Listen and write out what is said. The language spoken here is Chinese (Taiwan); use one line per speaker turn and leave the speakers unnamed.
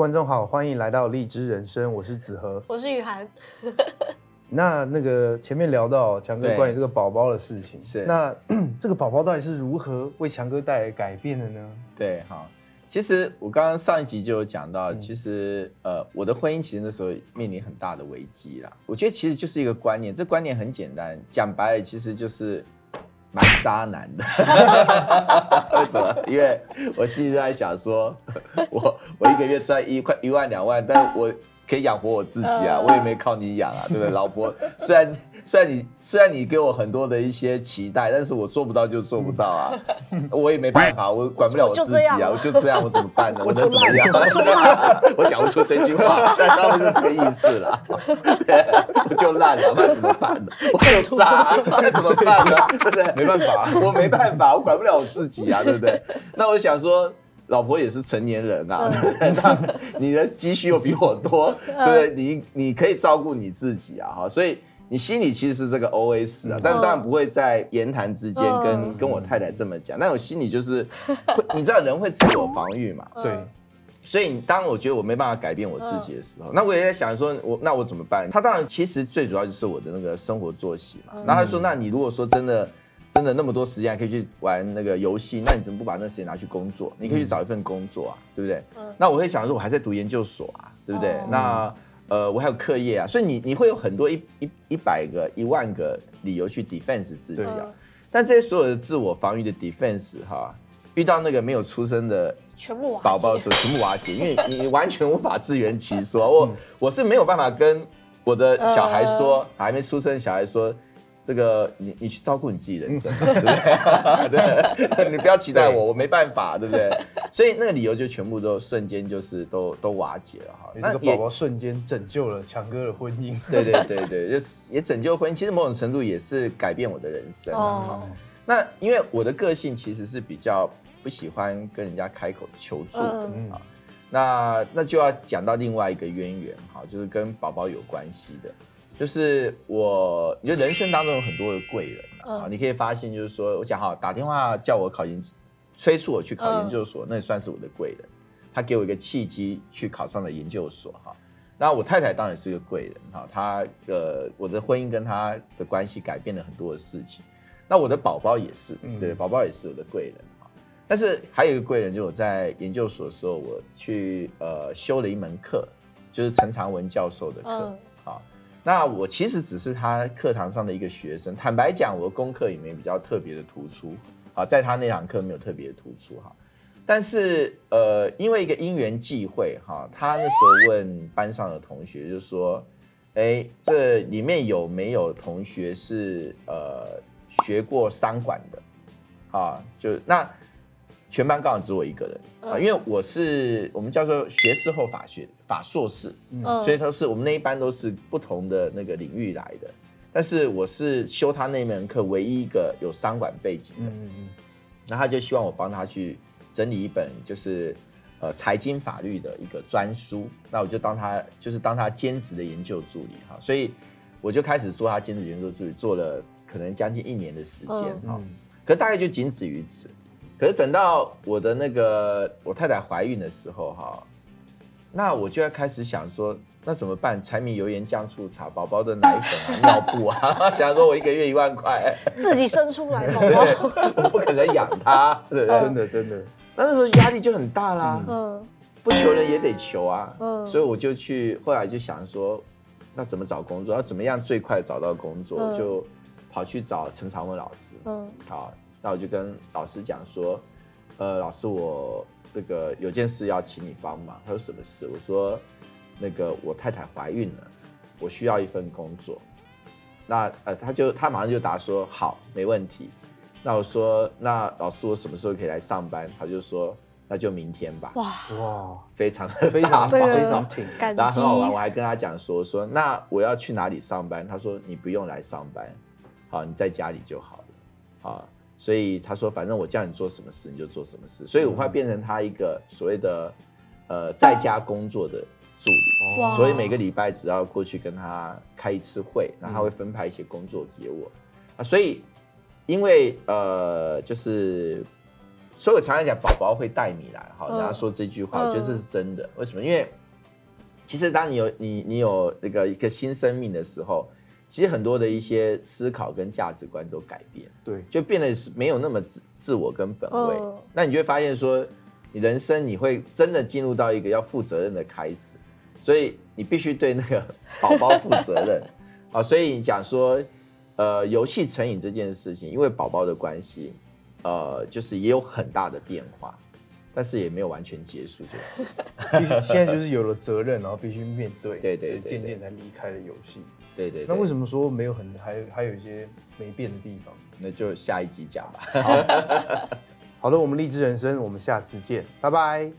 觀眾好，歡迎來到荔枝人生，我是子和，我是雨涵。 那那個前面聊到強哥關於這個寶寶的事情，是那這個寶寶到底是如何為強哥帶來改變的呢？對，好。其實我剛剛上一集就有講到，嗯、其實呃我的婚姻其實那時候面臨很大的危機啦。我覺得其實就是一個觀念，這觀念很簡單，講白了其實就是。蠻渣男的， 為什麼？因為我心裡在想，說我我一個月賺一塊一萬兩萬，但是我可以養活我自己啊，呃、我也沒靠你養啊，對不對？ 老婆雖然。雖然你雖然你給我很多的一些期待，但是我做不到就做不到啊，嗯、我也沒辦法，我管不了我自己啊，我就，我，就我就這樣，我怎麼辦呢？我能怎麼樣？我講 不出這句話， 但他們是這個意思啦，對，我就爛了，那怎麼辦呢？我有渣，那怎麼辦呢？對不對，沒辦法、啊，我沒辦法，我管不了我自己啊，對不對？ 那我想說，老婆也是成年人啊，嗯、 那你的積蓄又比我多，嗯、對不對，對？你你可以照顧你自己啊，哈，所以。你心裡其實是這個 OS 啊，但當然不會在言談之間跟跟我太太這麼講。那我心裡就是，你知道人會自我防禦嘛，對，所以當然我覺得我沒辦法改變我自己的時候，那我也在想說，我那我怎麼辦？他當然其實最主要就是我的那個生活作息嘛。然後他說，那你如果說真的真的那麼多時間還可以去玩那個遊戲，那你怎麼不把那時間拿去工作？你可以去找一份工作啊，對不對？那我會想說，我還在讀研究所啊，對不對？那。呃，我還有課業啊，所以你你會有很多一一一百個一萬個理由去 defense 自己啊，對但這些所有的自我防禦的 defense 哈，遇到那個沒有出生的、寶寶的時候，全部的寶寶全部瓦解，因為 你，你完全無法自圓其說，我、嗯、我是沒有辦法跟我的小孩說，呃、還沒出生的小孩說。這個你你去照顧你自己人生，嗯、對不對？你不要期待我，對我沒辦法，對不對？所以那個理由就全部都瞬間就是都都瓦解了哈。個寶寶，那個寶寶瞬間拯救了強哥的婚姻，對對對對， 也拯救婚姻。其實某種程度也是改變我的人生、啊哦、那因為我的個性其實是比較不喜歡跟人家開口求助的、嗯、那那就要講到另外一個淵源哈，就是跟寶寶有關係的。就是我，你覺得人生當中有很多的貴人啊，嗯、你可以發現，就是說我講哈，打電話叫我考研，催促我去考研究所，嗯、那也算是我的貴人，他給我一個契機去考上了研究所哈。那我太太當然是個貴人哈，他的、呃、我的婚姻跟他的關係改變了很多的事情。那我的寶寶也是，嗯、對，寶寶也是我的貴人哈。但是還有一個貴人，就是、我在研究所的時候，我去呃修了一門課，就是陳長文教授的課啊。嗯那我其實只是他課堂上的一個學生，坦白講，我的功課也沒有比較特別的突出，啊，在他那堂課沒有特別突出哈，但是呃，因為一個因緣際會哈，他那時候問班上的同學，就說，哎、欸，這裡面有沒有同學是呃學過商管的，啊，就那。全班剛好只我一個人啊，uh, 因為我是我們叫做學士後法學法碩士，uh, 所以都是我們那一班，都是不同的那個領域來的。但是我是修他那門課唯一一個有商管背景的，那、嗯嗯嗯、他就希望我幫他去整理一本就是呃、財經法律的一個專書，那我就當他就是當他兼職的研究助理哈，所以我就開始做他兼職研究助理，做了可能將近一年的時間哈，可大概就僅止於此。可是等到我的那個我太太懷孕的時候哈，那我就要開始想說，那怎麼辦？柴米油鹽醬醋茶，寶寶的奶粉啊、尿 布啊，假如說我一個月一萬塊，自己生出來寶寶 我不可能養他，真的真的。那那時候壓力就很大啦、啊，嗯，
不求人
也得求啊，嗯，所以我就去後來就想說，那怎麼找工作？要怎麼樣最快找到工作？嗯、就跑去找陳長文老師，嗯，好。那我就跟老師講說，呃，老師，我這個有件事要請你幫忙。他說什麼事？我說，那個我太太懷孕了，我需要一份工作。那呃，他就他馬上就答說，好，沒問題。那我說，那老師我什麼時候可以來上班？他就說，那就明天吧。哇哇，非常的非常非常挺， 然後很好玩。我還跟他講說說，那我要去哪裡上班？他說你不用來上班，好你在家裡就好了，好。所以他說，反正我叫你做什麼事，你就做什麼事。所以，我會變成他一個所謂的，呃，在家工作的助理。所以每個禮拜只要過去跟他開一次會，然後他會分派一些工作給我。啊，所以因為呃，就是，所以我常常講，寶寶會帶米來哈。然後說這句話，我覺得這是真的。為什麼？因為其實當你有你你有那個一個新生命的時候。其實很多的一些思考跟價值觀都改變，對，就變得沒有那麼自自我跟本位，哦，那你就會發現說，你人生你會真的進入到一個要負責任的開始，所以你必須對那個寶寶負責任， 啊，所以你講說，呃，遊戲成癮這件事情，因為寶寶的關係，呃，就是也有很大的變化。但是也沒有完全結束就好，就是，現在就是有了責任，然後必須面對，對對，漸漸才離開了遊戲，對對。那為什麼說沒有很還還有一些沒變的地方？那就下一集講吧。好， 好的，我們荔枝人生，我們下次見，拜拜。